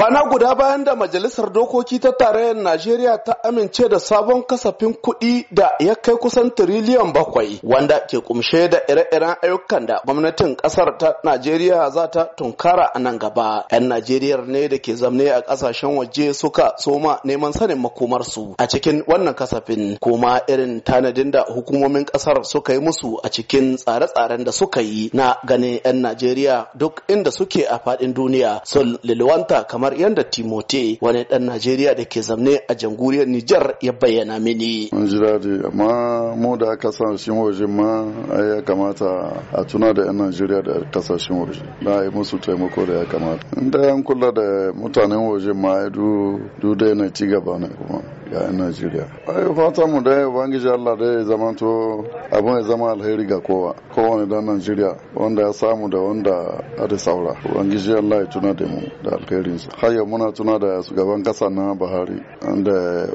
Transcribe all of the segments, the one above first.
Kwana guda bayan da Majalisar Dokoki ta Tarayyar Najeriya ta amince da sabon kasafin kuɗi da ya kai kusan tiriliyan bakwai wanda ke kumshe da ire-iren ayyukan da gwamnatin ƙasar ta Najeriya za ta tunkara a nan gaba. 'Yan Najeriya ne da ke zamne a ƙasashen waje suka soma neman sanin makomarsu a cikin wannan kasafin kuma irin tanadin da hukumomin ƙasar suka yi musu a cikin tsare-tsaren da suka yi na ganin 'yan Najeriya duk inda suke a faɗin duniya sun lilwanta kamar kamar yadda Timote wani dan Najeriya da ke zamne a jamhuriyar Nijar ya bayyana mini. Mun ji daɗi amma mu da kasashen waje ma ya kamata a tuna da 'yan Najeriya da kasashen waje da yi musu taimako da ya kamata. Inda yan kula da mutanen waje ma ya du dai na ci gaba ne kuma. 'ya'yan Najeriya. Ai fata mu da Ubangiji Allah da ya zama to abin ya zama alheri ga kowa, kowane dan Najeriya wanda ya samu da wanda ada saura. Ubangiji Allah ya tuna da mu da alherinsa. Har yau muna tuna da shugaban kasa na Buhari wanda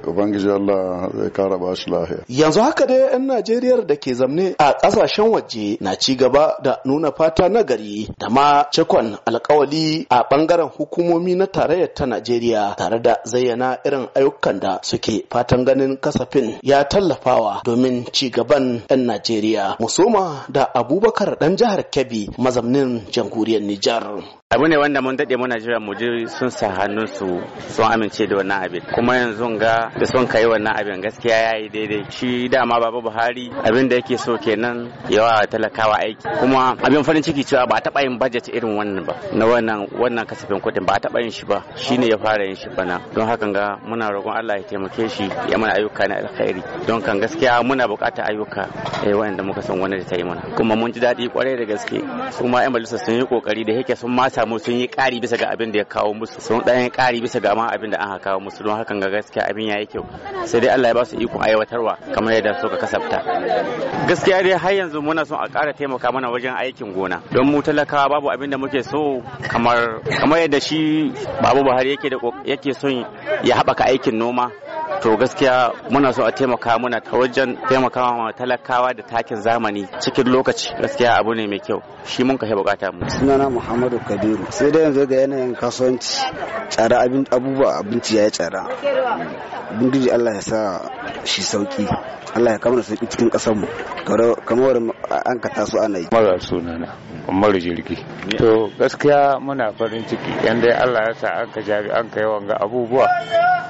Ubangiji Allah zai kara ba shi lahiya. Yanzu haka dai 'yan Najeriya da ke zamne a ƙasashen waje na ci gaba da nuna fata na gari da ma cikon alkawali a ɓangaren hukumomi na tarayyar ta Najeriya tare da zayyana irin ayyukan da suke ke fatan ganin kasafin ya tallafawa domin ci gaban 'yan Najeriya. Musoma da Abubakar ɗan jihar Kebbi mazamnin jamhuriyar Nijar. abu ne wanda mun dade muna Najeriya mu ji sun sa su sun amince da wannan abin kuma yanzu ga da sun kai wannan abin gaskiya ya yi daidai shi dama baba buhari abin da yake so kenan yawa talakawa aiki kuma abin farin ciki cewa ba taɓa yin budget irin wannan ba na wannan wannan kasafin kudin ba taɓa yin shi ba shine ya fara yin shi bana don hakan ga muna roƙon Allah ya taimake taimake shi ya mana ayyuka na alkhairi don kan gaskiya muna buƙatar ayyuka eh wanda muka san wani da ta yi mana kuma mun ji daɗi kwarai da gaske su ma yan majalisa sun yi kokari da yake sun ma samu sun yi ƙari bisa ga abin da ya kawo musu sun ɗan ƙari bisa ga ma abin da an kawo musu don hakan ga gaskiya abin ya yi kyau sai dai Allah ya ba su ikon aiwatarwa kamar yadda suka kasafta gaskiya dai har yanzu muna son a ƙara taimaka mana wajen aikin gona don mu talakawa babu abin da muke so kamar kamar yadda shi babu Buhari yake da yake son ya haɓaka aikin noma to gaskiya muna so a taimaka muna ta wajen taimakawa talakawa da takin zamani cikin lokaci gaskiya abu ne mai kyau shi mun kashe bukata mu sunana muhammadu kabiru sai dai yanzu ga yanayin kasuwanci tsara abubuwa abinci ya yi tsara bindiji allah ya sa shi sauki allah ya kama da sauki cikin kasar mu kamar an ka taso ana yi mara sunana mara jirgi to gaskiya muna farin ciki yan dai allah ya sa an ka jabi an ka yawan ga abubuwa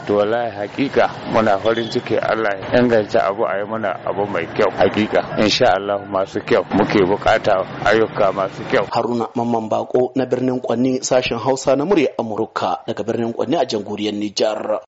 to wallahi hakika muna farin ciki Allah ya inganta abu a yi muna abu mai kyau hakika insha Allah masu kyau muke bukata ayyuka masu kyau Haruna Mamman Bako na birnin Kwanni sashen Hausa na murya Amurka daga birnin Kwanni a jamhuriyar Nijar